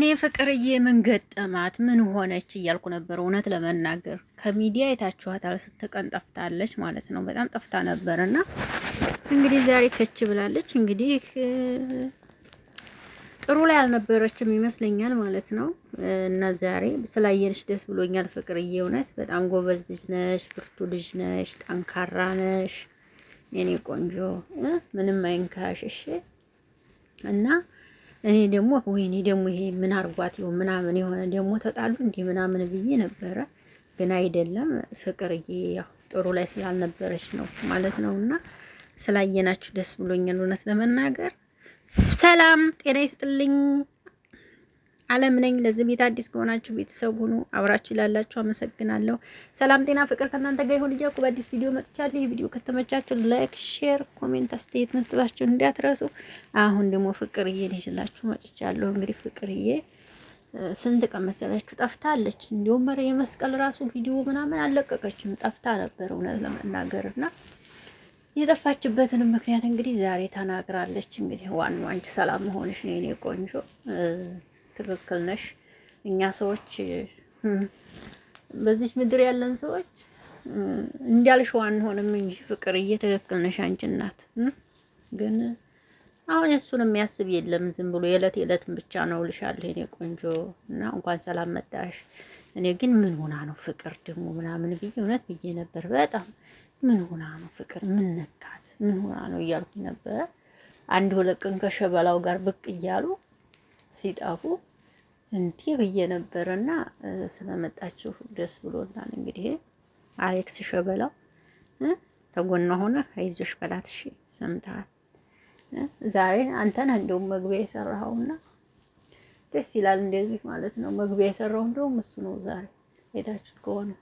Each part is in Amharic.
እኔ ፍቅርዬ ምን ገጠማት ምን ሆነች እያልኩ ነበር። እውነት ለመናገር ከሚዲያ የታችኋታል። ስትቀን ጠፍታለች ማለት ነው። በጣም ጠፍታ ነበር እና እንግዲህ ዛሬ ከች ብላለች። እንግዲህ ጥሩ ላይ አልነበረችም ይመስለኛል ማለት ነው። እና ዛሬ ስላየንሽ ደስ ብሎኛል ፍቅርዬ። እውነት በጣም ጎበዝ ልጅ ነሽ፣ ብርቱ ልጅ ነሽ፣ ጠንካራ ነሽ፣ የኔ ቆንጆ ምንም አይንካሽ እሺ እና እኔ ደግሞ ወይኔ ደግሞ ይሄ ምን አርጓት ይሁን ምናምን የሆነ ደግሞ ተጣሉ እንዲህ ምናምን ብዬ ነበረ፣ ግን አይደለም ፍቅርዬ ያው ጥሩ ላይ ስላልነበረች ነው ማለት ነው። እና ስላየናችሁ ደስ ብሎኛል እውነት ለመናገር። ሰላም ጤና ይስጥልኝ። አለም ነኝ። ለዚህ ቤት አዲስ ከሆናችሁ ቤተሰብ ሁኑ። አብራችሁ ላላችሁ አመሰግናለሁ። ሰላም፣ ጤና፣ ፍቅር ከእናንተ ጋር ይሁን። እያልኩ በአዲስ ቪዲዮ መጥቻለሁ። ይህ ቪዲዮ ከተመቻችሁ ላይክ፣ ሼር፣ ኮሜንት አስተያየት መስጠታችሁ እንዳትረሱ። አሁን ደግሞ ፍቅርዬ ልጅላችሁ መጥቻለሁ። እንግዲህ ፍቅርዬ ስንት ቀን መሰላችሁ ጠፍታለች። እንዲሁም መረ የመስቀል ራሱ ቪዲዮ ምናምን አለቀቀችም ጠፍታ ነበር እውነት ለመናገርና የጠፋችበትንም ምክንያት እንግዲህ ዛሬ ተናግራለች። እንግዲህ ዋናው አንቺ ሰላም መሆንሽ ነው የኔ ቆንጆ ትክክል ነሽ። እኛ ሰዎች በዚች ምድር ያለን ሰዎች እንዳልሽው አንሆንም እንጂ ፍቅርዬ ትክክል ነሽ። አንቺ እናት ግን አሁን እሱን የሚያስብ የለም። ዝም ብሎ የዕለት የዕለትን ብቻ ነው ልሻለሁ እኔ ቆንጆ እና እንኳን ሰላም መጣሽ። እኔ ግን ምን ሆና ነው ፍቅር ደግሞ ምናምን ብዬ እውነት ብዬ ነበር። በጣም ምን ሆና ነው ፍቅር ምን ነካት ምን ሆና ነው እያልኩኝ ነበረ። አንድ ሁለት ቀን ከሸበላው ጋር ብቅ እያሉ ሲጠፉ እንዲህ ብዬ ነበር እና ስለመጣችሁ ደስ ብሎናል። እንግዲህ አሌክስ ሸበላው ተጎና ሆነ አይዞሽ በላት። እሺ ሰምተሃል። ዛሬ አንተ ነህ እንደውም መግቢያ የሰራኸውና ደስ ይላል። እንደዚህ ማለት ነው። መግቢያ የሰራው እንደውም እሱ ነው። ዛሬ ሄዳችሁት ከሆነ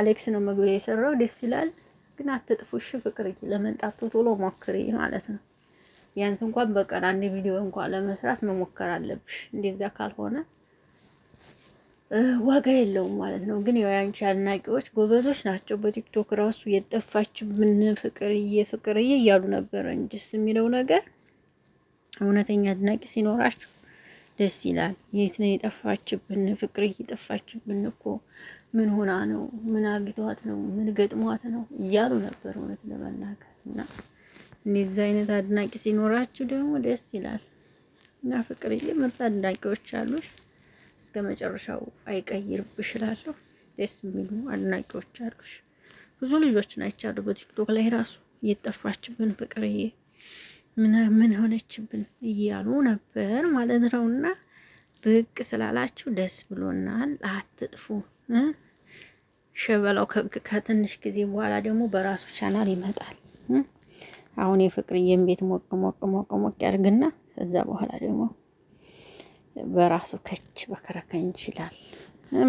አሌክስ ነው መግቢያ የሰራው። ደስ ይላል። ግን አትጥፉሽ ፍቅር ለመንጣቱ ቶሎ ሞክሪ ማለት ነው። ቢያንስ እንኳን በቀን አንድ ቪዲዮ እንኳን ለመስራት መሞከር አለብሽ። እንደዛ ካልሆነ ዋጋ የለውም ማለት ነው። ግን ያው ያንቺ አድናቂዎች ጎበዞች ናቸው። በቲክቶክ ራሱ የጠፋች ምን ፍቅርዬ ፍቅርዬ እያሉ ነበረ እንጂ ደስ የሚለው ነገር እውነተኛ አድናቂ ሲኖራችሁ ደስ ይላል። የት ነው የጠፋችብን? ፍቅርዬ የጠፋችብን እኮ ምን ሆና ነው? ምን አግቷት ነው? ምን ገጥሟት ነው? እያሉ ነበር እውነት ለመናገር እና እንደዚህ አይነት አድናቂ ሲኖራችሁ ደግሞ ደስ ይላል እና ፍቅርዬ ምርጥ አድናቂዎች አሉሽ። እስከ መጨረሻው አይቀይርብሽ እላለሁ። ደስ የሚሉ አድናቂዎች አሉሽ። ብዙ ልጆችን አይቻሉ በቲክቶክ ላይ ራሱ እየጠፋችብን ፍቅርዬ ምን ሆነችብን እያሉ ነበር ማለት ነው። እና ብቅ ስላላችሁ ደስ ብሎናል። አትጥፉ። ሸበላው ከትንሽ ጊዜ በኋላ ደግሞ በራሱ ቻናል ይመጣል። አሁን የፍቅርዬን ቤት ሞቅ ሞቅ ሞቅ ሞቅ ያድርግና እዛ በኋላ ደግሞ በራሱ ከች በከረከኝ ይችላል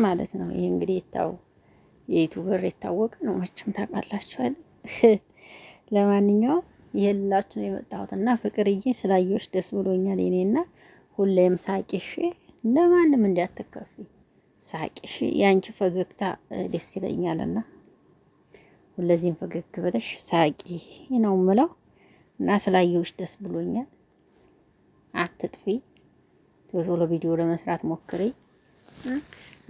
ማለት ነው። ይህ እንግዲህ የታው የዩቱበር የታወቀ ነው መቼም ታውቃላችኋል። ለማንኛውም የላችሁ ነው የመጣሁት እና ፍቅርዬ ስላየሁሽ ደስ ብሎኛል። እኔና ሁሌም ሳቂሽ ለማንም እንዳትከፊ ሳቂሽ፣ የአንቺ ፈገግታ ደስ ይለኛልና ሁለዚህም ፈገግ ብለሽ ሳቂ ነው ምለው። እና ስላየሁሽ ደስ ብሎኛል። አትጥፊ፣ ቶሎ ቶሎ ቪዲዮ ለመስራት ሞክሪ።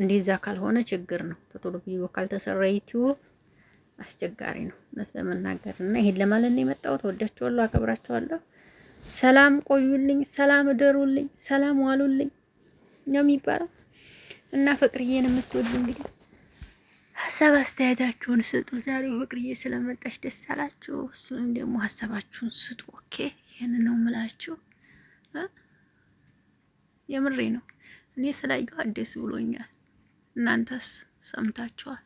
እንደዛ ካልሆነ ችግር ነው። ቶሎ ቪዲዮ ካልተሰራ ዩቲዩብ አስቸጋሪ ነው እውነት ለመናገር እና ይሄን ለማለት ነው የመጣሁት። ወዳችኋለሁ፣ አከብራችኋለሁ። ሰላም ቆዩልኝ፣ ሰላም እደሩልኝ፣ ሰላም ዋሉልኝ ነው የሚባለው እና ፍቅርዬን የምትወዱ እንግዲህ ሀሳብ አስተያየታችሁን ስጡ። ዛሬ ፍቅርዬ ስለመጣች ደስ አላችሁ። እሱንም ደግሞ ሀሳባችሁን ስጡ። ኦኬ፣ ይህን ነው ምላችሁ። የምሬ ነው። እኔ ስላየሁ አዲስ ብሎኛል። እናንተስ ሰምታችኋል?